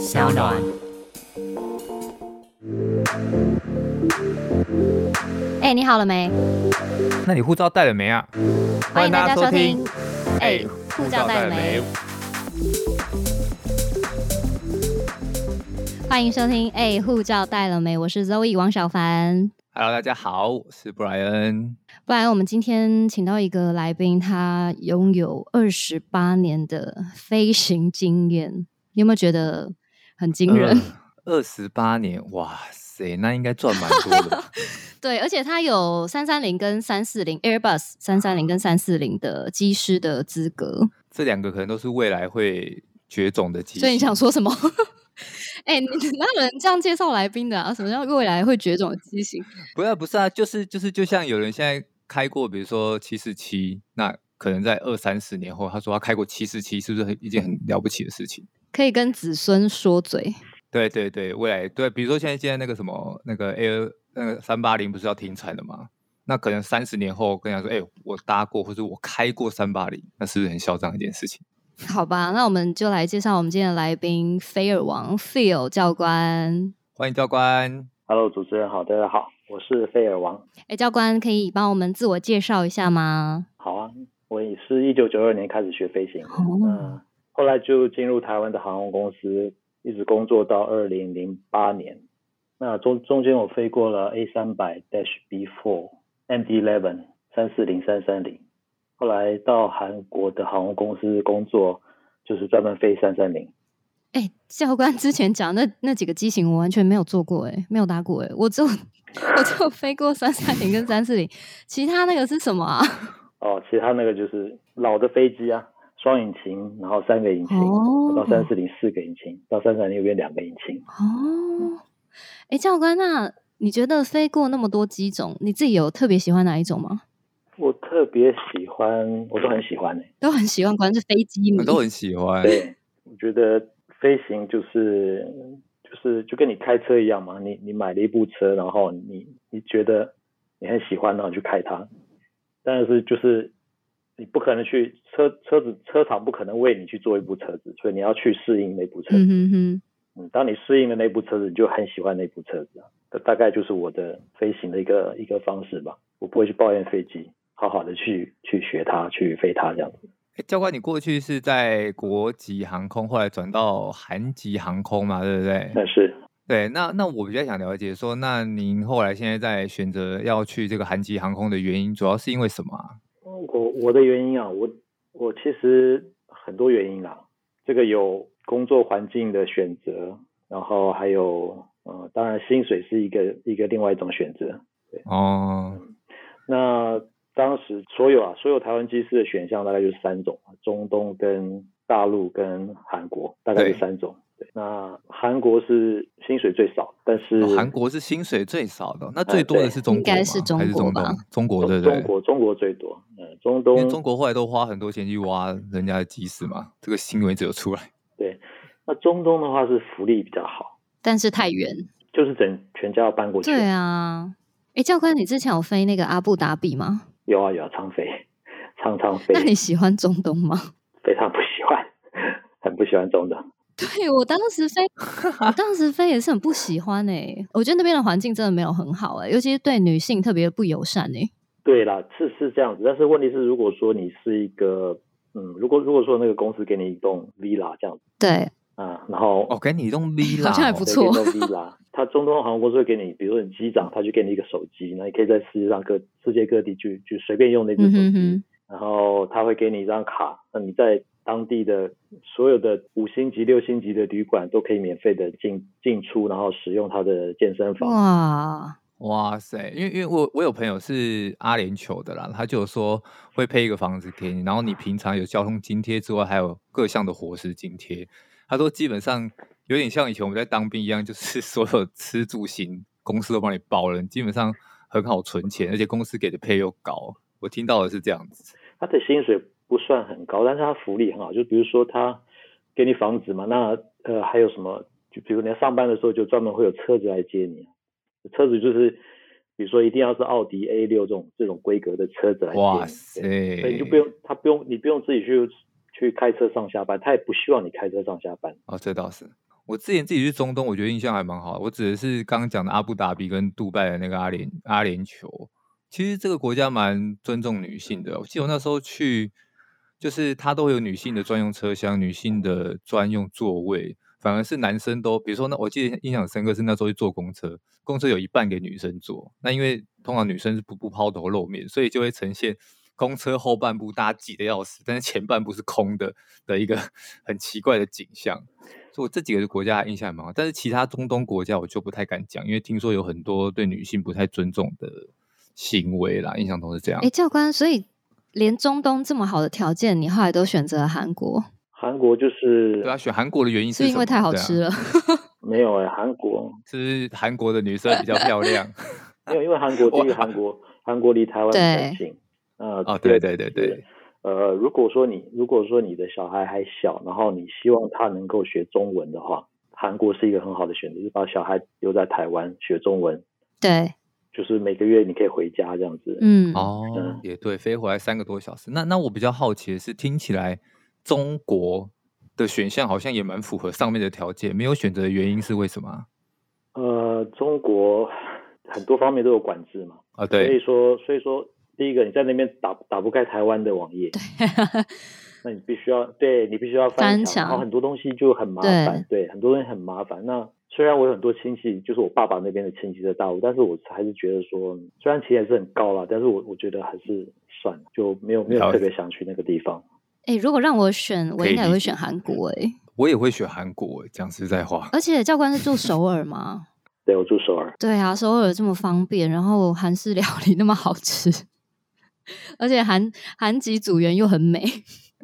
小暖，哎、欸，你好了沒？那你護照帶了沒啊？歡迎大家收聽，哎、欸，護照帶了沒？帶了沒？歡迎收聽，哎、欸，護照帶了沒？我是 Zoe 王小凡。Hello，大家好，我是布萊恩。布萊恩，我們今天請到一個來賓，他擁有二十八年的飛行經驗，你有沒有覺得？很驚人，二十八年，哇塞，那應該賺蠻多的。 對，而且他有三三零跟三四零 Airbus 三三零跟三四零的機師的資格。這兩個可能都是未來會絕種的機型。所以你想說什麼？哎、 欸，哪有人這樣介紹來賓的啊？什麼叫未來會絕種的機型？不要，不是啊，就是就是，就像有人現在開過，比如說七四七，那可能在二三十年後，他說他開過七四七，是不是很一件很了不起的事情？ 可以跟子孫說嘴，對對對，未來對，比如說現在今天那個什麼那個 A 那個三八零不是要停產的嗎？那可能三十年後跟人家說，哎、欸，我搭過或者我開過三八零，那是不是很囂張一件事情？好吧，那我們就來介紹我們今天的來賓 菲爾王，菲爾教官，歡迎教官，Hello，主持人好，大家好，我是菲爾王。哎、欸，教官可以幫我們自我介紹一下嗎？好啊，我也是一九九二年開始學飛行，oh. 嗯後來就進入台灣的航空公司，一直工作到二零零八年。那中中間我飛過了 A 三百 Dash B Four MD Eleven 三四零三三零。11, 30, 後來到韓國的航空公司工作，就是專門飛三三零。哎、欸，教官之前講那那幾個機型，我完全沒有做過哎、欸，沒有搭過哎、欸，我只有我只有飛過三三零跟三四零，其他那個是什麼啊？哦，其他那個就是老的飛機啊。雙引擎，然後三個引擎，哦、到三四零四個引擎，到三三零又變兩個引擎。哦，哎，教官，啊，那你覺得飛過那麼多機種，你自己有特別喜歡哪一種嗎？我特別喜歡，我都很喜歡誒，都很喜歡，關鍵是飛機嘛，都很喜歡。對，我覺得飛行就是就是就跟你開車一樣嘛，你你買了一部車，然後你你覺得你很喜歡，然後去開它，但是就是。你不可能去車車子車廠不可能為你去做一部車子，所以你要去適應那部車子。嗯哼哼嗯，當你適應了那部車子，你就很喜歡那部車子、啊。這大概就是我的飛行的一個一個方式吧。我不會去抱怨飛機，好好的去去學它，去飛它這樣子、欸。教官，你過去是在國籍航空，後來轉到韓籍航空嘛，對不對？那、嗯、是。對，那那我比較想了解說，那您後來現在在選擇要去這個韓籍航空的原因，主要是因為什麼？我我的原因啊，我我其實很多原因啦、啊，這個有工作環境的選擇，然後還有，呃，當然薪水是一個一個另外一種選擇，對。哦、嗯，那當時所有啊，所有台灣機師的選項大概就是三種，中東跟大陸跟韓國，大概就是三種。那韓國是薪水最少，但是韓、哦、國是薪水最少的。那最多的是中國、呃、是中國還是中東？中國的中，中國中國最多。嗯，中東。因為中國後來都花很多錢去挖人家的機師嘛，這個新只有出來。對，那中東的話是福利比較好，但是太遠，就是整全家要搬過去。對啊，哎、欸，教官，你之前有飛那個阿布達比嗎？有啊有啊，常、啊、飛，常常飛。那你喜歡中東嗎？非常不喜歡，很不喜歡中東。對我當時飛，我當時飛也是很不喜歡呢、欸。 我覺得那邊的環境真的沒有很好哎、欸，尤其是對女性特別不友善呢、欸。對啦，是是這樣子，但是問題是，如果說你是一個，嗯，如果如果說那個公司給你一棟 villa 這樣對，啊，然後哦，給你一棟 villa 好像還不錯，一棟 villa 他 中東航空公司會給你，比如說你機長，他就給你一個手機，那你可以在世界上各世界各地去去隨便用那個手機，嗯、哼哼然後他會給你一張卡，那你在。當地的所有的五星級、六星級的旅館都可以免費的進進出，然後使用他的健身房。哇哇塞！因為因為我我有朋友是阿聯酋的啦，他就說會配一個房子給你，然後你平常有交通津貼之外，還有各項的伙食津貼。他說基本上有點像以前我們在當兵一樣，就是所有吃住行公司都幫你包了，你基本上很好存錢，而且公司給的配又高。我聽到的是這樣子，他的薪水，不算很高，但是它福利很好。就比如說，他給你房子嘛，那呃還有什麼？就比如你上班的時候，就專門會有車子來接你。車子就是，比如說一定要是奧迪 A 六這種這種規格的車子來接你。哇塞，所以你就不用，他不用你不用自己去去開車上下班，他也不希望你開車上下班。哦，這倒是，我之前自己去中東，我覺得印象還蠻好。我指的是剛剛講的阿布達比跟杜拜的那個阿聯阿聯酋，其實這個國家蠻尊重女性的哦。我，嗯，記得我那時候去。就是他都有女性的專用車廂、女性的專用座位，反而是男生都，比如說那我記得印象深刻是那時候去坐公車，公車有一半給女生坐。那因為通常女生是不不拋頭露面，所以就會呈現公車後半部大家擠得要死，但是前半部是空的的一個很奇怪的景象。所以我這幾個國家印象還蠻好，但是其他中東國家我就不太敢講，因為聽說有很多對女性不太尊重的行為啦，印象都是這樣。哎、欸，教官，所以。連中東這麼好的條件，你後來都選擇了韓國？韓國就是對啊，選韓國的原因是，是因為太好吃了。啊、 沒有哎、欸，韓國 是韓國的女生比較漂亮。 沒有，因為韓國，對於韓國，韓哇國離台灣近。對呃，哦，對對對對。呃，如果說你如果說你的小孩還小，然後你希望他能夠學中文的話，韓國是一個很好的選擇，就把小孩留在台灣學中文。對。就是每個月你可以回家這樣子，嗯，哦、嗯，也對，飛回來三個多小時。那那我比較好奇的是，聽起來中國的選項好像也蠻符合上面的條件，沒有選擇的原因是為什麼？呃，中國很多方面都有管制嘛，啊對所，所以說所以說第一個你在那邊打打不開台灣的網頁對， 對，那你必須要對你必須要翻牆，翻小然後很多東西就很麻煩，對,對，很多東西很麻煩。那雖然我有很多親戚，就是我爸爸那邊的親戚在大陸，但是我還是覺得說，雖然起點是很高啦，但是我我覺得還是算了，就沒有沒有特別想去那個地方。哎理、欸，如果讓我選，我應該也會選韓國、欸。誒，我也會選韓國、欸。講實在話，而且教官是住首爾嗎？ 對，我住首爾。對啊，首爾這麼方便，然後韓式料理那麼好吃， 而且韓韓籍組員又很美。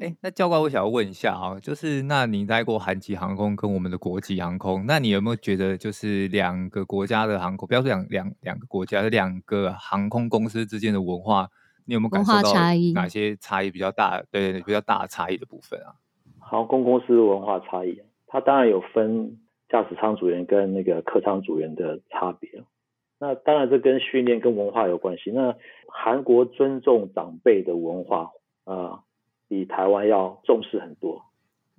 哎，那教官，我想要問一下啊，就是那你待過韓籍航空跟我們的國籍航空，那你有沒有覺得，就是兩個國家的航空，不要說兩兩兩個國家，的兩個航空公司之間的文化，你有沒有感受到差異？哪些差異比較大？對，比較大差異的部分啊。航空公、公司文化差異，它當然有分駕駛艙組員跟那個客艙組員的差別。那當然，這跟訓練跟文化有關係。那韓國尊重長輩的文化啊。呃比台灣要重視很多，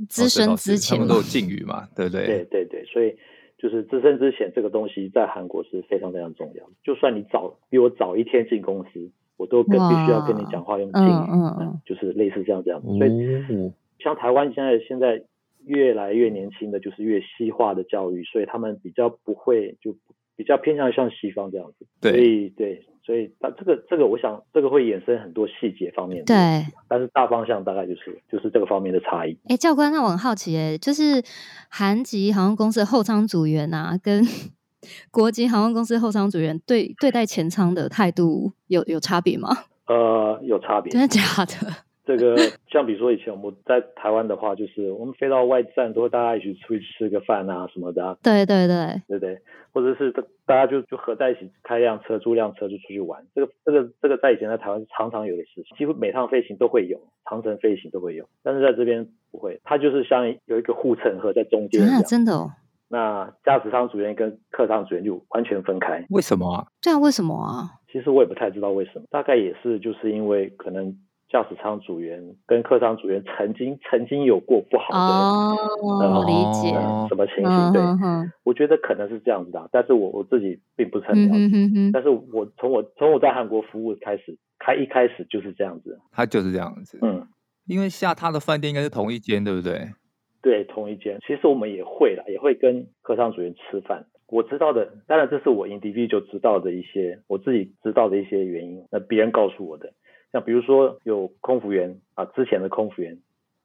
資深資淺都是敬語嘛，對不對，對？對對對，所以就是資深資淺這個東西在韓國是非常非常重要。就算你早比我早一天進公司，我都跟必須要跟你講話用敬語，哇嗯、就是類似這樣這樣。嗯、所以、嗯、像台灣現在現在越來越年輕的就是越西化的教育，所以他們比較不會就。比較偏向像西方這樣子，對對，所以它這個這個，這個、我想這個會衍生很多細節方面，對。但是大方向大概就是就是這個方面的差異。誒、欸、教官，那我很好奇誒、欸、就是韓籍航空公司的後艙組員吶、啊，跟國籍航空公司後艙組員對對待前艙的態度有有差別嗎？呃，有差別，真的假的？ 這個像比如說以前我們在台灣的話，就是我們飛到外站都會大家一起出去吃個飯啊什麼的、啊。對對對對對，或者是大家就就合在一起開一輛車，租輛車就出去玩。這個這個這個在以前在台灣常常有的事情，幾乎每趟飛行都會有，長程飛行都會有。但是在這邊不會，它就是像有一個護城河在中間。真的、啊、真的哦。那駕駛艙主任跟客艙主任就完全分開。為什麼、啊、這樣為什麼啊？其實我也不太知道為什麼，大概也是就是因為可能。駕駛艙組員跟客艙組員曾經曾經有過不好的哦？我理解什麼情形？Oh, 對，oh, oh. 我覺得可能是這樣子的、啊，但是我我自己並不是很了解。Mm hmm hmm. 但是我從我從我在韓國服務開始，他一開始就是這樣子，他就是這樣子，嗯，因為下榻的飯店應該是同一間，對不對？對，同一間。其實我們也會啦，也會跟客艙組員吃飯。我知道的，當然這是我 individual 就知道的一些我自己知道的一些原因，那別人告訴我的。那比如說有空服員啊，之前的空服員，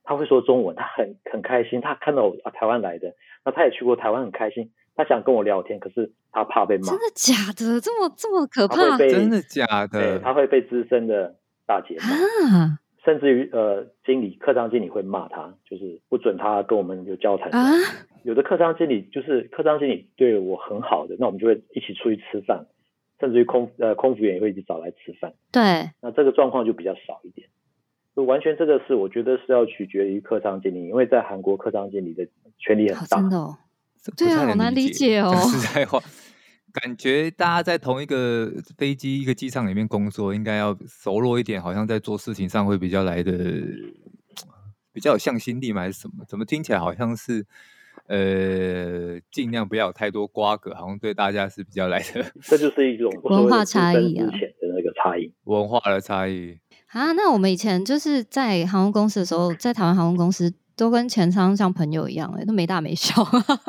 他會說中文，他很很開心，他看到我啊，台灣來的，那他也去過台灣，很開心，他想跟我聊天，可是他怕被罵。真的假的？這麼這麼可怕嗎？會被真的假的對？他會被資深的大姐罵，啊、甚至於呃經理，客艙經理會罵他，就是不准他跟我們有交談。啊、有的客艙經理就是客艙經理對我很好的，那我們就會一起出去吃飯。甚至於空呃空服員也會一直找來吃飯，對，那這個狀況就比較少一點。就完全這個事我覺得是要取決於客艙經理，因為在韓國客艙經理的權力也很大，真的、對啊，這個好難理解哦。實在話，感覺大家在同一個飛機一個機場裡面工作，應該要熟絡一點，好像在做事情上會比較來得比較有向心力嘛，還是什麼？怎麼聽起來好像是？呃，盡量不要有太多瓜葛，好像對大家是比較來的。這就是一種文化差異啊，的那個差異，文化的差異。啊，那我們以前就是在航空公司的時候，在台灣航空公司都跟前艙像朋友一樣，欸，都沒大沒小，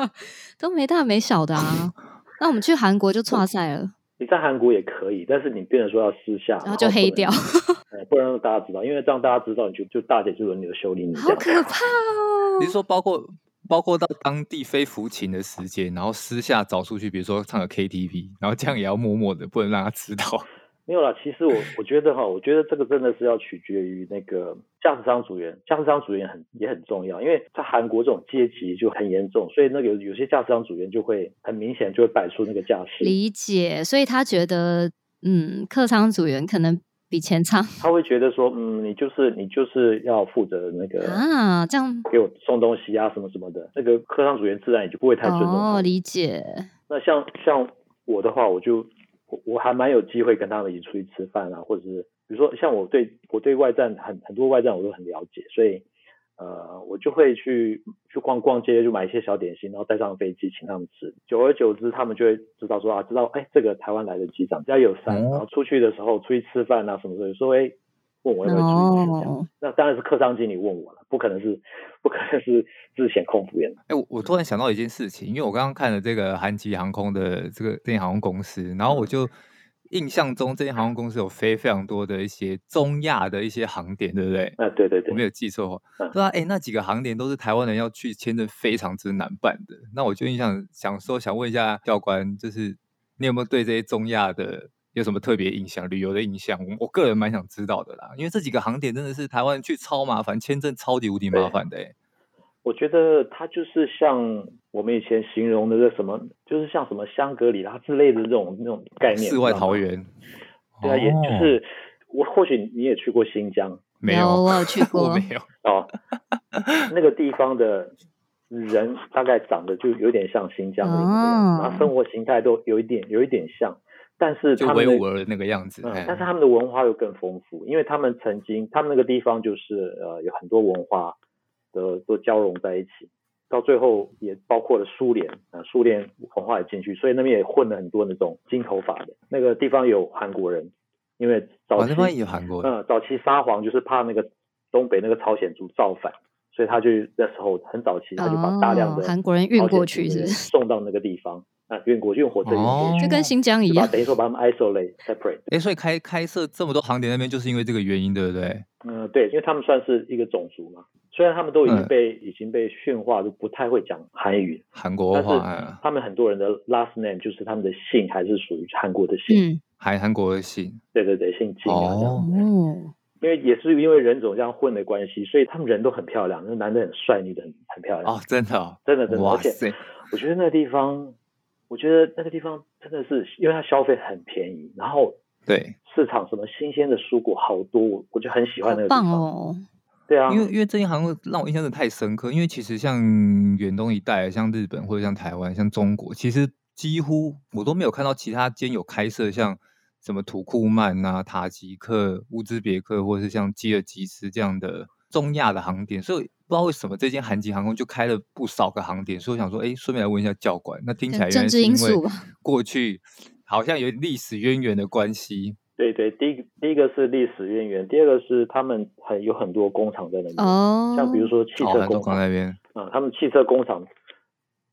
都沒大沒小的啊。 那我們去韓國就挫賽了，嗯。你在韓國也可以，但是你變成說要私下，然後就黑掉能， 欸。不然大家知道，因為這樣大家知道，你就就大姐就輪流修理你，好可怕哦。你說包括。包括到當地非服勤的時間，然後私下找出去，比如說唱個 KTV，然後這樣也要默默的，不能讓他知道。沒有啦，其實我我覺得哈，我覺得這個真的是要取決於那個駕駛艙組員，駕駛艙組員很也很重要，因為在韓國這種階級就很嚴重，所以那個有，有些駕駛艙組員就會很明顯就會擺出那個架勢。理解，所以他覺得嗯，客艙組員可能。比前場，他會覺得說，嗯，你就是你就是要負責那個啊，這樣給我送東西啊，什麼什麼的，那個客艙組員自然也就不會太尊重。哦，理解。那像像我的話，我就我我還蠻有機會跟他們一起出去吃飯啊，或者是比如說像我對我對外站很很多外站我都很了解，所以。呃，我就會去去逛逛街，就買一些小點心，然後帶上飛機請他們吃。久而久之，他們就會知道說啊，知道哎，這個台灣來的機長比較友善、嗯、然後出去的時候，出去吃飯啊什麼之類，說哎，問我要不要出去、哦、那當然是客艙經理問我了，不可能是，不可能是資淺空服員。哎，我我突然想到一件事情，因為我剛剛看了這個韓籍航空的這個電影航空公司，然後我就。印象中，這間航空公司有飛非常多的一些中亞的一些航點，對不對？啊，對對對，我沒有記錯。對啊、欸，那幾個航點都是台灣人要去簽證非常之難辦的。那我就印象、嗯、想說，想問一下教官，就是你有沒有對這些中亞的有什麼特別印象、旅遊的印象？我，我個人蠻想知道的啦，因為這幾個航點真的是台灣人去超麻煩，簽證超級無敵麻煩的、欸。我覺得它就是像我們以前形容的那什麼，就是像什麼香格里拉之類的這種那種概念，世外桃源。哦、對啊，也就是我或許你也去過新疆，沒有，沒有？我有去過， 沒有、哦、 那個地方的人大概長得就有點像新疆的人，哦、然後生活形態都有一點有一點像，但是他們的那個樣子，嗯、嘿但是他們的文化又更豐富，因為他們曾經他們那個地方就是呃有很多文化。的都交融在一起，到最後也包括了蘇聯啊，蘇聯文化也進去，所以那邊也混了很多那種金頭髮的，那個地方有韓國人，因為早期有韓國人，嗯，早期沙皇就是怕那個東北那個朝鮮族造反，所以他就那時候很早期他就把大量的韓國人運過去，是送到那個地方。哦啊，遠古、遠古這些，就、哦、吧跟新疆一樣，等於說把他們 isolate、separate。哎、欸，所以開開設這麼多航點那邊，就是因為這個原因，對不對？嗯，對，因為他們算是一個種族嘛，雖然他們都已經被、嗯、已經被馴化，就不太會講韓語、韓國話、啊，他們很多人的 last name 就是他們的姓，還是屬於韓國的姓，韓韓國的姓。對對對，姓金啊這樣子、嗯、因為也是因為人種這樣混的關係，所以他們人都很漂亮，那男的很帥，女的很很漂亮的。哦，真的、哦、真的真的。哇塞，而且我覺得那個地方。我覺得那個地方真的是，因為它消費很便宜，然後對市場什麼新鮮的蔬果好多，我就很喜歡那個地方。哦！對啊，因為因為這一行會讓我印象是太深刻。因為其實像遠東一帶，像日本或者像台灣、像中國，其實幾乎我都沒有看到其他間有開設像什麼土庫曼啊、塔吉克、烏茲別克，或者是像吉爾吉斯這樣的。中亞的航點，所以不知道為什麼這間韓籍航空就開了不少個航點，所以我想說，哎、欸，順便來問一下教官，那聽起來原因是因為過去好像有歷史淵源的關係。對，對對，第一第一個是歷史淵源，第二個是他們很有很多工廠在那邊，哦、像比如說汽車工廠、哦、那邊、嗯、他們汽車工廠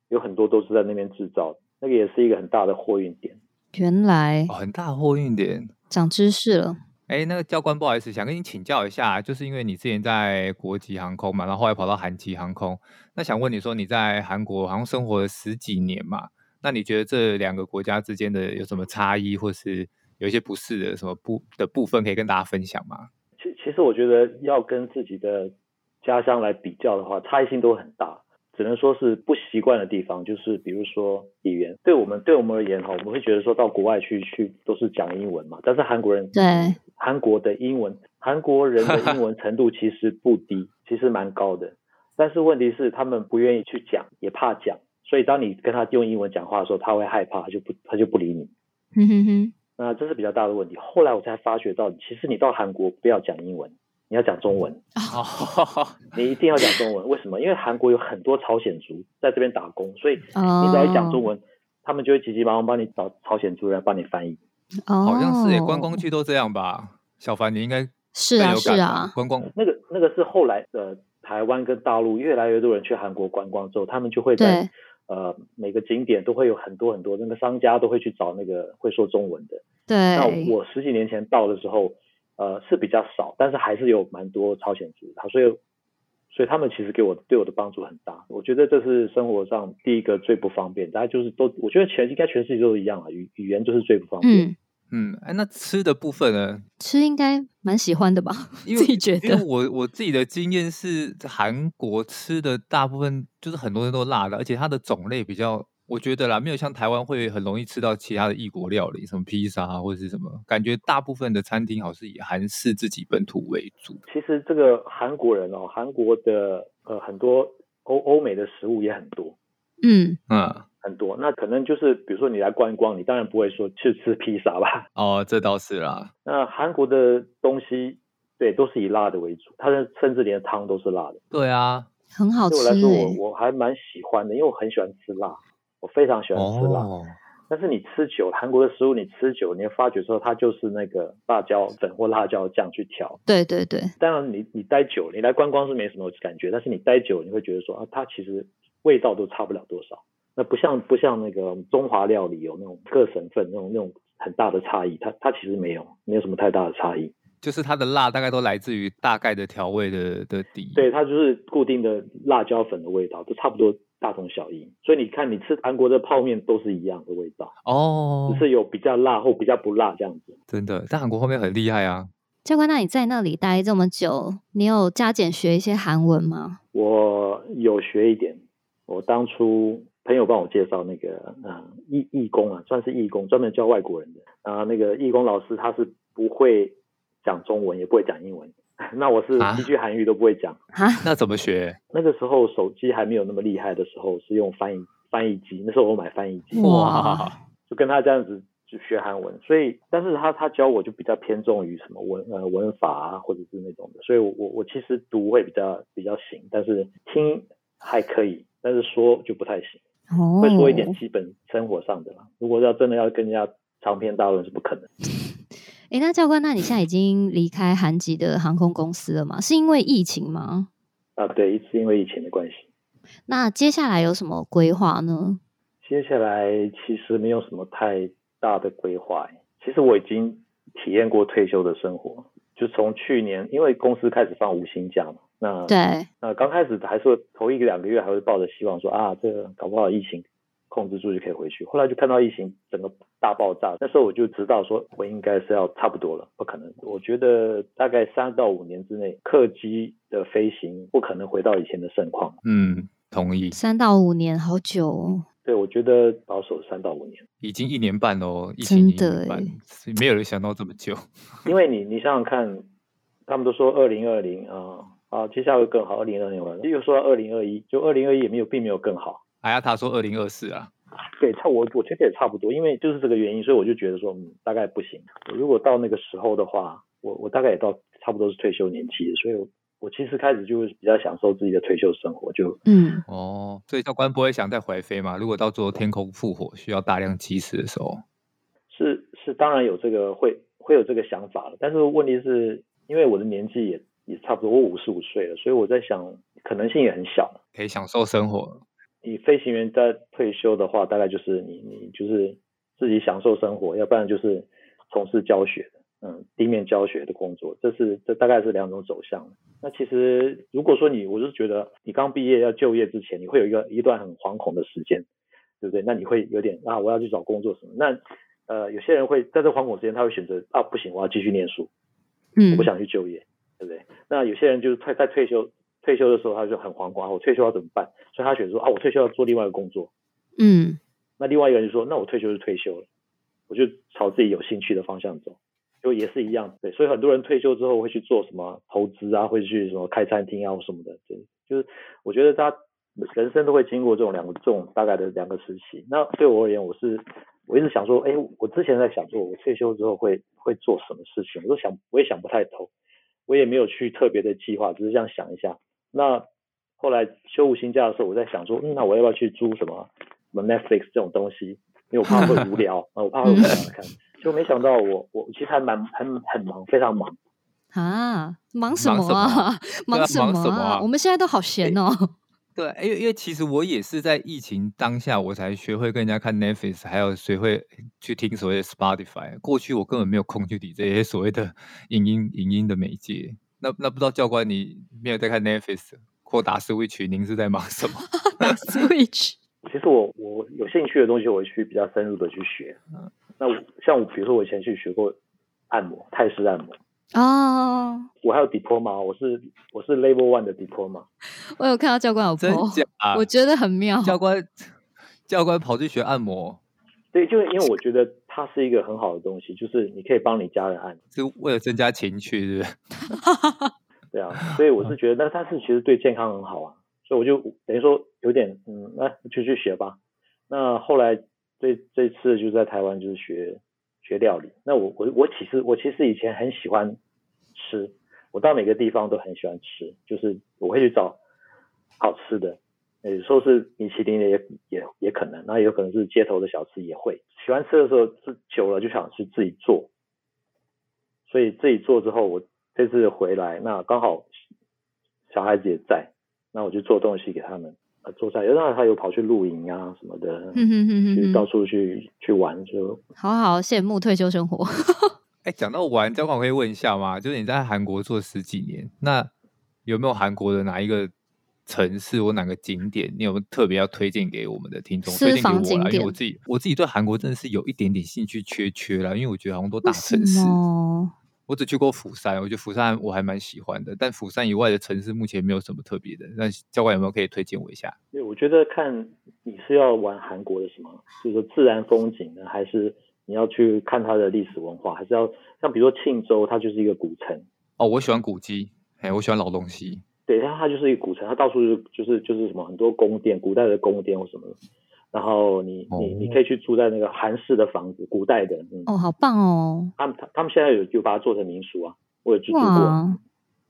有很多都是在那邊製造，那個也是一個很大的貨運點，原來、哦、很大貨運點，長知識了。哎，那個教官，不好意思，想跟你請教一下，就是因為你之前在國籍航空嘛，然後後來跑到韓籍航空，那想問你說，你在韓國好像生活了十幾年嘛，那你覺得這兩個國家之間的有什麼差異，或是有一些不適的什麼不的部分可以跟大家分享嗎？其其實我覺得要跟自己的家鄉來比較的話，差異性都很大，只能說是不習慣的地方，就是比如說語言，對我們對我們而言哈，我們會覺得說到國外去去都是講英文嘛，但是韓國人對。韓國的英文，韓國人的英文程度其實不低， 其實蠻高的。但是問題是，他們不願意去講，也怕講。所以當你跟他用英文講話的時候，他會害怕，他就不他就不理你。嗯哼哼，那這是比較大的問題。後來我才發覺到，其實你到韓國不要講英文，你要講中文。 你一定要講中文，為什麼？因為韓國有很多朝鮮族在這邊打工，所以你只要一講中文， 他們就會急急忙忙幫你找朝鮮族人幫你翻譯。好像是觀光區都這樣吧。Oh, 小凡，你應該有感？是啊是啊，觀光那個那個是後來的，呃，台灣跟大陸越來越多人去韓國觀光之後，他們就會在對呃每個景點都會有很多很多那個商家都會去找那個會說中文的。對，那我十幾年前到的時候，呃是比較少，但是還是有蠻多朝鮮族。好，所以。所以他們其實，給我，對我的幫助很大，我覺得這是生活上第一個最不方便。大家就是都，我覺得全應該全世界都一樣啊，語語言就是最不方便。嗯嗯，哎、嗯欸，那吃的部分呢？吃應該蠻喜歡的吧？ 因為 自己覺得，因為我我自己的經驗是，韓國吃的大部分就是很多人都辣的，而且它的種類比較。我覺得啦，沒有像台灣會很容易吃到其他的異國料理，什麼披薩啊，或者是什麼，感覺大部分的餐廳好像是以韓式自己本土為主。其實這個韓國人哦，韓國的呃很多歐歐美的食物也很多，嗯嗯，很多。那可能就是比如說你來觀光，你當然不會說去吃披薩吧？哦，這倒是啦。那韓國的東西對都是以辣的為主，他甚至連湯都是辣的。對啊，很好吃。對我來說，我我還蠻喜歡的，因為我很喜歡吃辣。我非常喜歡吃辣，Oh. 但是你吃久，韓國的食物你吃久，你會發覺說它就是那個辣椒粉或辣椒醬去調。對對對。當然你，你你待久，你來觀光是沒什麼感覺，但是你待久，你會覺得說啊，它其實味道都差不了多少。那不像不像那個中華料理有那種各省份那種那種很大的差異，它它其實沒有，沒有什麼太大的差異。就是它的辣大概都來自於大概的調味的的底。對，它就是固定的辣椒粉的味道，都差不多。大同小異，所以你看，你吃韓國的泡麵都是一樣的味道哦，Oh. 只是有比較辣或比較不辣這樣子。真的，但韓國泡麵很厲害啊。教官，那你在那裡待這麼久，你有加減學一些韓文嗎？我有學一點。我當初朋友幫我介紹那個嗯、啊、義義工啊，算是義工，專門教外國人的啊。那個義工老師他是不會講中文，也不會講英文的。那我是一句韓語都不會講，啊啊、那怎麼學？那個時候手機還沒有那麼厲害的時候，是用翻譯翻譯機。那時候我買翻譯機，哇，好好好，就跟他這樣子就學韓文。所以，但是他他教我就比較偏重於什麼文呃文法啊，或者是那種的。所以我，我我我其實讀會比較比較行，但是聽還可以，但是說就不太行。嗯、會說一點基本生活上的嘛，如果要真的要跟人家長篇大論是不可能。欸，那教官，那你現在已經離開韓籍的航空公司了嗎？是因為疫情嗎？啊，對，是因為疫情的關係。那接下來有什麼規劃呢？接下來其實沒有什麼太大的規劃。其實我已經體驗過退休的生活，就從去年因為公司開始放無薪假嘛。那對，那剛開始還是頭一個兩個月還會抱着希望說啊，這搞不好疫情。控制住就可以回去。後來就看到疫情整個大爆炸，那時候我就知道說，我應該是要差不多了，不可能。我覺得大概三到五年之內，客機的飛行不可能回到以前的盛況。嗯，同意。三到五年，好久哦。對，我覺得保守三到五年。已經一年半了哦，真的，一年半，所以沒有人想到這麼久。 因為你，你想想看，他們都說二零二零啊，好，接下來會更好。二零二零完了，又說到二零二一，就二零二一也沒有，並沒有更好。阿呀、啊，他說二零二四啊，對，差不多，我我覺得也差不多，因為就是這個原因，所以我就覺得說，嗯、大概不行。如果到那個時候的話，我我大概也到差不多是退休年紀，所以我，我我其實開始就比較享受自己的退休生活，就嗯哦，所以教官不會想再回飛嘛？如果到最後天空復活需要大量機師的時候，是是當然有這個會會有這個想法了，但是問題是，因為我的年紀也也差不多，我五十五歲了，所以我在想可能性也很小，可以享受生活。你飛行員在退休的話，大概就是你你就是自己享受生活，要不然就是從事教學的，嗯，地面教學的工作，這是這大概是兩種走向的。那其實如果說你，我是覺得你剛畢業要就業之前，你會有一個一段很惶恐的時間，對不對？那你會有點啊，我要去找工作什麼？那呃，有些人會在這惶恐時間，他會選擇啊，不行，我要繼續念書，嗯，我不想去就業，嗯、對不對？那有些人就是退在退休。退休的時候他就很惶恐，我退休要怎麼辦？所以他選擇說啊，我退休要做另外一個工作。嗯，那另外一個人就說，那我退休就退休了，我就朝自己有興趣的方向走，就也是一樣對。所以很多人退休之後會去做什麼投資啊，會去什麼開餐廳啊什麼的，對，就是我覺得他人生都會經過這種兩個這種大概的兩個時期。那對我而言，我是我一直想說，哎、欸，我之前在想說，我退休之後會會做什麼事情？我都想我也想不太透，我也沒有去特別的計劃，只是這樣想一下。那後來休無薪假的時候，我在想說，嗯，那我要不要去租什麼 Netflix 這種東西？因為我怕會無聊啊， 我怕會不想看。 就沒想到我，我其實還蠻很，很忙，非常忙啊！忙什麼、啊、忙什麼我們現在都好閒哦、喔欸。對，因、欸、為因為其實我也是在疫情當下，我才學會跟人家看 Netflix，還有學會去聽所謂的 Spotify。過去我根本沒有空去理這些所謂的影音影音的媒介。那那不知道教官，你沒有在看 Netflix，或打 Switch，您是在忙什麼 ？Switch， 其實我我有興趣的東西，我會去比較深入的去學。嗯，那像我，比如說我以前去學過按摩，泰式按摩。哦。我還有 Depot 嘛，我是我是 Level One 的 Depot 嘛。我有看到教官有 po，我真假？我覺得很妙。教官，教官跑去學按摩。對，就因為我覺得。它是一個很好的東西，就是你可以幫你家人按，就為了增加情趣是不是，對不對？對啊，所以我是覺得，嗯、但是它是其實對健康很好啊，所以我就等於說有點，嗯，那就去，去學吧。那後來這這次就在台灣就是學學料理。那我我我其實我其實以前很喜歡吃，我到每個地方都很喜歡吃，就是我會去找好吃的。也說是米其林的，也也也可能，那也有可能是街頭的小吃也會。喜歡吃的時候，吃久了就想去自己做，所以自己做之後，我這次回來，那剛好小孩子也在，那我就做東西給他們做菜。有時候他又跑去露營啊什麼的，去、嗯嗯嗯、到處去去玩，就好好羨慕退休生活。哎， 講到玩，教官可以問一下嘛，就是你在韓國做十幾年，那有沒有韓國的哪一個？城市或哪個景點，你有沒有特別要推薦給我們的聽眾推薦給我啦？因為我自己我自己對韓國真的是有一點點興趣缺缺啦。因為我覺得好像都大城市，我只去過釜山，我覺得釜山我還蠻喜歡的。但釜山以外的城市目前沒有什麼特別的。那教官有沒有可以推薦我一下？對，我覺得看你是要玩韓國的什麼，就是說自然風景呢，還是你要去看它的歷史文化？還是要像比如說慶州，它就是一個古城哦。我喜歡古蹟，哎，我喜歡老東西。對，它就是一個古城，它到處是就是就是什麼很多宮殿，古代的宮殿或什麼的。然後你你你可以去住在那個韓式的房子，哦、古代的。嗯、哦，好棒哦！他們他他們現在有就把它做成民宿啊，我有住住過。哇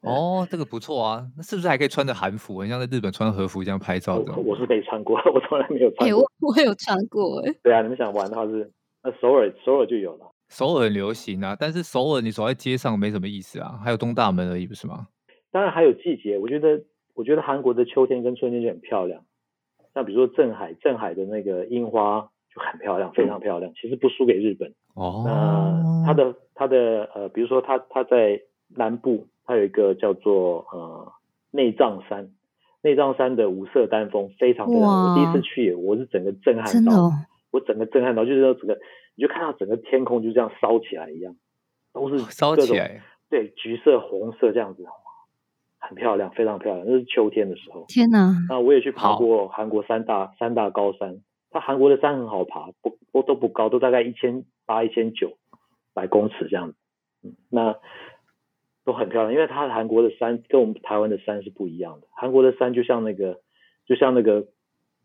嗯、哦，這個不錯啊！那是不是還可以穿着韓服？很像在日本穿和服一樣拍照的我？我是沒穿過我從來沒有穿過。過、哎。我有穿過哎、欸。對啊，你們想玩的話是那首爾，首爾就有了，首爾很流行啊。但是首爾你走在街上沒什麼意思啊，還有東大門而已，不是嗎？當然還有季節，我覺得我覺得韓國的秋天跟春天就很漂亮，像比如說鎮海，鎮海的那個櫻花就很漂亮，非常漂亮，其實不輸給日本。哦。那、呃、它的它的呃，比如說它它在南部，它有一個叫做呃內藏山，內藏山的五色丹楓非常非常。哇我第一次去，我是整個震撼到，的我整個震撼到，就是說整個你就看到整個天空就這樣燒起來一樣，都是種燒起來。對，橘色、紅色這樣子。很漂亮，非常漂亮，那是秋天的時候。天哪！那、啊、我也去爬過韓國三大好三大高山，它韓國的山很好爬，不不都不高，都大概一千八、一千九百公尺這樣子。嗯，那都很漂亮，因為它的韓國的山跟我們台灣的山是不一樣的。韓國的山就像那個，就像那個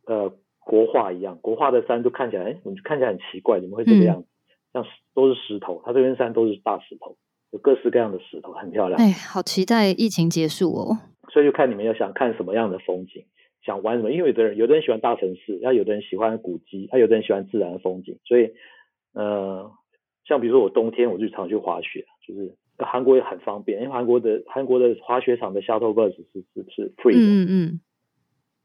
呃國畫一樣，國畫的山都看起來，哎，我們看起來很奇怪，怎麼會這個樣子？嗯、像石、都是石頭，它這邊的山都是大石頭。各式各樣的石頭很漂亮，哎，好期待疫情結束哦。所以就看你們要想看什麼樣的風景，想玩什麼。因為有的人，有的人喜歡大城市，啊，有的人喜歡古蹟，啊，有的人喜歡自然的風景。所以，呃，像比如說我冬天我就常去滑雪，就是韓國也很方便，因為韓國的韓國的滑雪場的 shuttle bus 是是是 free 的。嗯嗯。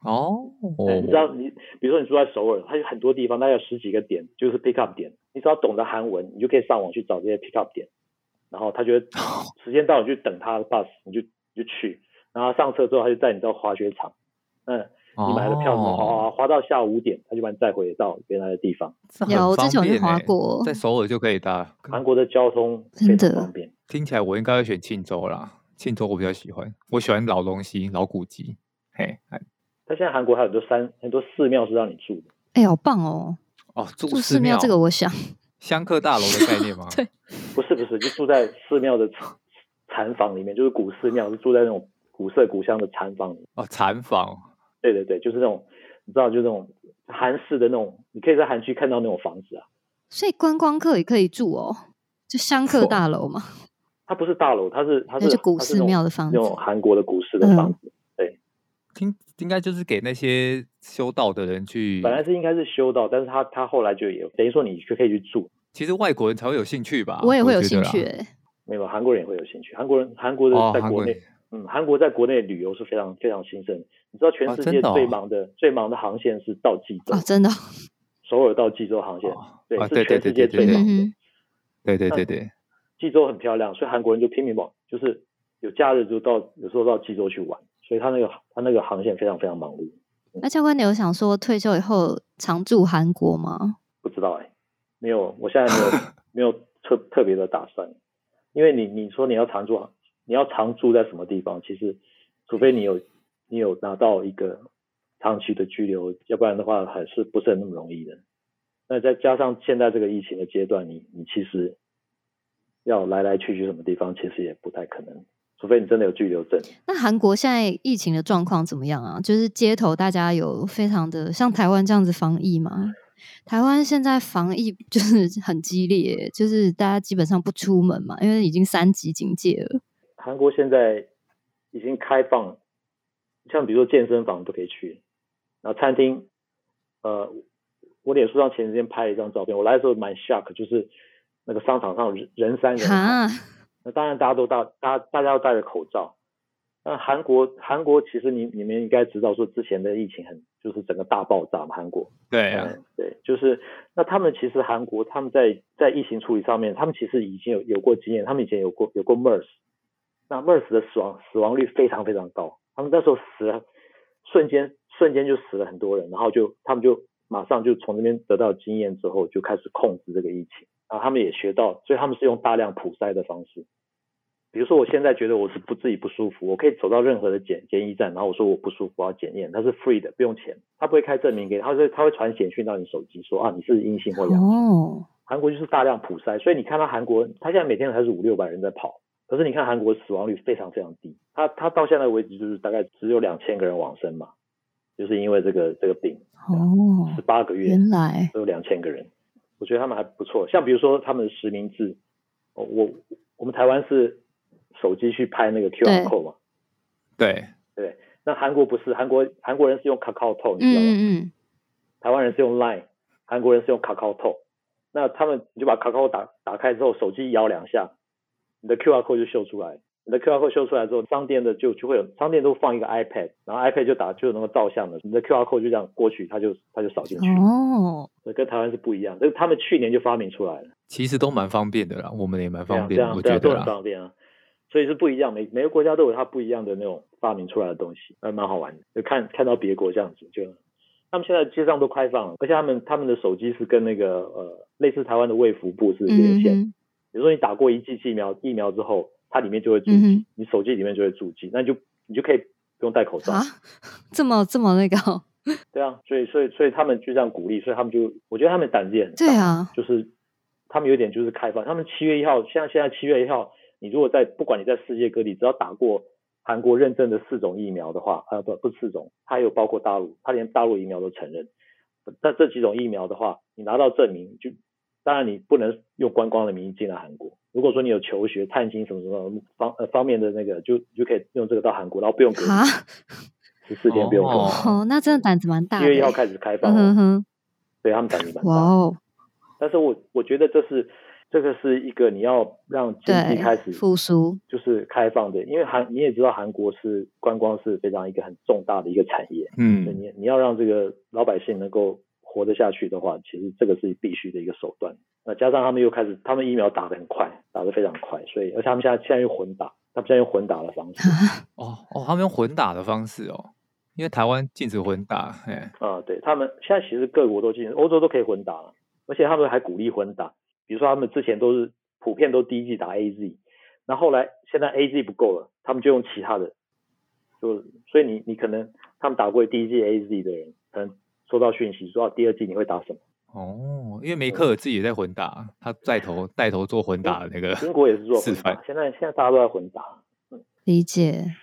哦。欸，你知道你，比如說你住在首爾，它有很多地方，它有十幾個點，就是 pick up 點。你只要懂得韓文，你就可以上網去找這些 pick up 點。然後他覺得時間到了，去等他的 bus，、oh. 你就你就去。然後上車之後，他就帶你到滑雪場，嗯，oh. 你買了票之後，後滑、oh. 到下午五點，他就把你帶回到原來的地方。有、欸，我之前去國在首爾就可以搭，韓國的交通非常方便。的聽起來我應該會選慶州啦，慶州我比較喜歡，我喜歡老東西、老古蹟嘿，他現在韓國還有很多山、很多寺廟是讓你住的。哎、欸，好棒哦！哦、oh,，住寺廟這個我想。香客大樓的概念嗎？ 對，不是不是，就住在寺廟的禪房裡面，就是古寺廟，是住在那種古色古香的禪房裡面。哦，禪房，對對對，就是那種你知道，就是那種韓式的那種，你可以在韓區看到那種房子啊。所以觀光客也可以住哦，就香客大樓嗎？它不是大樓，它是它是那古寺廟的房子那，那種韓國的古寺的房子，嗯、對。聽。應該就是給那些修道的人去，本來是應該是修道，但是他他後來就也等於說你就可以去做。其實外國人才會有興趣吧，我也會有興趣。欸，沒有，韓國人也會有興趣。韓國人韓國人，韓國人在國內，哦、韓國人嗯，韓國在國內旅遊是非常非常興盛。你知道全世界最忙的，啊，真的哦、最忙的航線是到濟州啊，真的，首爾到濟州航線，哦、對，是全世界最忙的，啊、對，對，對，對，對對對對。濟州很漂亮，所以韓國人就拼命往，就是有假日就到有時候到濟州去玩。所以他那個他那個航線非常非常忙碌。那、啊、教官，你有想說退休以後常住韓國嗎？不知道哎、欸，沒有，我現在沒有 沒有特特別的打算。因為你你說你要常住，你要常住在什麼地方？其實，除非你有你有拿到一個長期的居留，要不然的話還是不是那麼容易的。那再加上現在這個疫情的階段，你你其實要來來去去什麼地方，其實也不太可能。除非你真的有拘留證。那韓國現在疫情的狀況怎麼樣啊？就是街頭大家有非常的像台灣這樣子防疫嗎？台灣現在防疫就是很激烈，就是大家基本上不出門嘛，因為已經三級警戒了。韓國現在已經開放，像比如說健身房都可以去，然後餐廳，呃，我臉書上前幾天拍了一張照片，我來的時候蠻 shock，就是那個商場上人，人山人海。啊？那當然大大大，大家都戴，大家大家要戴着口罩。那韓國，韓國其實你你們應該知道，說之前的疫情很，就是整個大爆炸嘛，韓國。對呀、啊嗯、對，就是那他們其實韓國他們在在疫情處理上面，他們其實已經有有過經驗，他們以前有過有過 MERS。那 MERS 的死亡死亡率非常非常高，他們那時候死了，瞬間瞬間就死了很多人，然後就他們就馬上就從那邊得到經驗之後，就開始控制這個疫情。啊，他們也學到，所以他們是用大量普篩的方式。比如說，我現在覺得我是不自己不舒服，我可以走到任何的檢檢疫站，然後我說我不舒服，我要檢驗，他是 free 的，不用錢，他不會開證明給你，他會他會傳簡訊到你手機說啊你是陰性或陽性。哦。韓國就是大量普篩，所以你看到韓國，他現在每天還是五六百人在跑，可是你看韓國死亡率非常非常低，他他到現在為止就是大概只有兩千個人往生嘛，就是因為這個這個病。哦。十八個月。原來。只有兩千個人。我覺得他們還不錯，像比如說他們的實名制，我我們台灣是手機去拍那個 QR code 嘛，對對，對，那韓國不是，韓國韓國人是用 KakaoTalk 你知道嗎？嗯嗯，台灣人是用 Line，韓國人是用 KakaoTalk，那他們你就把 Kakao 打打開之後，手機搖兩下，你的 QR code 就秀出來。你的 QR code 秀出來之後，商店的就就會有商店都放一個 iPad，然後 iPad 就打就是能夠照相的，你的 QR code 就這樣過去，它就它就掃進去。哦，這跟台灣是不一樣，是他們去年就發明出來了。其實都蠻方便的啦，我們也蠻方便的，啊啊、我覺得啦對啊，都很方便啊。所以是不一樣，每每個國家都有它不一樣的那種發明出來的東西，還蠻好玩的。就看看到別國這樣子，就他們現在街上都開放了，而且他們他們的手機是跟那個呃類似台灣的衛福部是連線，mm hmm. 比如說你打過一劑疫苗疫苗之後。它裡面就會注、嗯、哼你手機裡面就會注記，那你就你就可以不用戴口罩啊？這麼這麼那個？對啊，所以所以所以他們就這樣鼓勵，所以他們就我覺得他們膽子也很大，對啊，就是他們有點就是開放。他們七月一號，像現在七月一號，你如果在不管你在世界各地，只要打過韓國認證的四種疫苗的話，啊、呃、不不是四種，它還有包括大陸，它連大陸疫苗都承認。那這幾種疫苗的話，你拿到證明就，當然你不能用觀光的名義進來韓國。如果說你有求學、探親什麼什麼方呃方面的那個，就就可以用這個到韓國，然後不用隔啊，十四蛤天不用隔離哦。那真的膽子蠻大。一月一號開始開放，嗯哼對，他們膽子蠻大的哇哦。但是我我覺得這是這個是一個你要讓經濟開始復甦，就是開放的，因為韓你也知道，韓國是觀光是非常一個很重大的一個產業。嗯，所以你你要讓這個老百姓能夠活得下去的話，其實這個是必須的一個手段。那加上他們又開始，他們疫苗打得很快。打得非常快，所以而且他們現在現在用混打，他們現在用混打的方式。 哦哦，他們用混打的方式哦，因為台灣禁止混打，哎、欸，啊，對他們現在其實各國都禁，歐洲都可以混打了，而且他們還鼓勵混打。比如說他們之前都是普遍都第一季打 A Z，那後來現在 A Z 不夠了，他們就用其他的，就是、所以你你可能他們打過第一季 A Z 的人，可能收到訊息說第二季你會打什麼。哦，因為梅克爾自己也在混打，他在頭帶頭做混打的那個，中國也是做四川。現在現在大家都在混打，嗯，理解。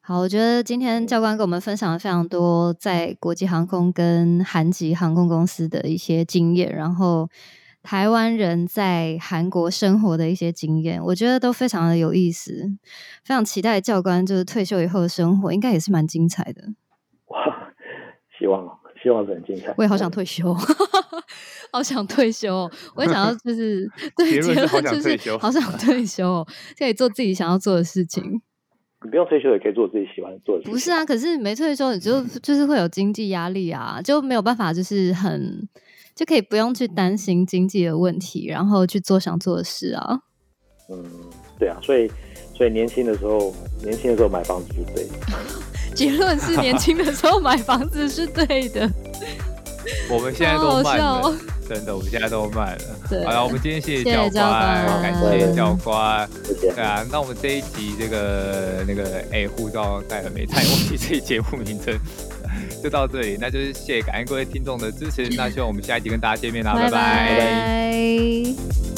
好，我覺得今天教官跟我們分享了非常多在國際航空跟韓籍航空公司的一些經驗，然後台灣人在韓國生活的一些經驗，我覺得都非常的有意思，非常期待教官就是退休以後的生活，應該也是蠻精彩的。哇，希望，希望是很精彩。我也好想退休。 好想退休，喔，我也想要，就是 對結論是好想退休，就好想退休，喔，可以做自己想要做的事情。 你不用退休也可以做自己喜歡做的事情。不是啊，可是沒退休你就、嗯、就是會有經濟壓力啊，就沒有辦法就是很就可以不用去擔心經濟的問題，然後去做想做的事啊。嗯，對啊，所以所以年輕的時候，年輕的，的， 的時候買房子是對的。結論是年輕的時候買房子是對的。 我們現在都慢了，真的，我們現在都慢了。對好了，我們今天謝謝教官，感謝教官。謝謝對，對啊，那我們這一集這個那個哎，護照帶了沒？太忘記這節目名稱， 就到這裡。那就是謝謝，感謝各位聽眾的支持。 那希望我們下一集跟大家見面啦， 拜拜。拜拜。